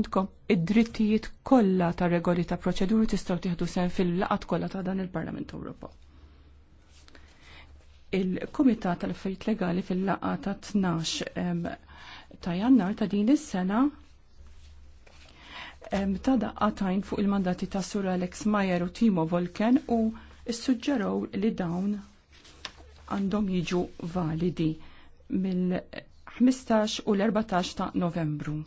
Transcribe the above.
għandkom id-drittijiet kollha ta' regoli ta' proċeduri tistgħu tieħdu sen fil-laqat kollha ta' dan il-Parlament Ewropa. Il-Kumitat tal-Affarijiet Legali fil laqgħa ta' 12 ta' Jannar ta' din is-sena ta' daqqatajn fuq il-mandati ta' Sur Alex Majer u Timo Volken u issuġġeraw li dawn għandhom jiġu validi mill-15 u l-14 ta' Novembru.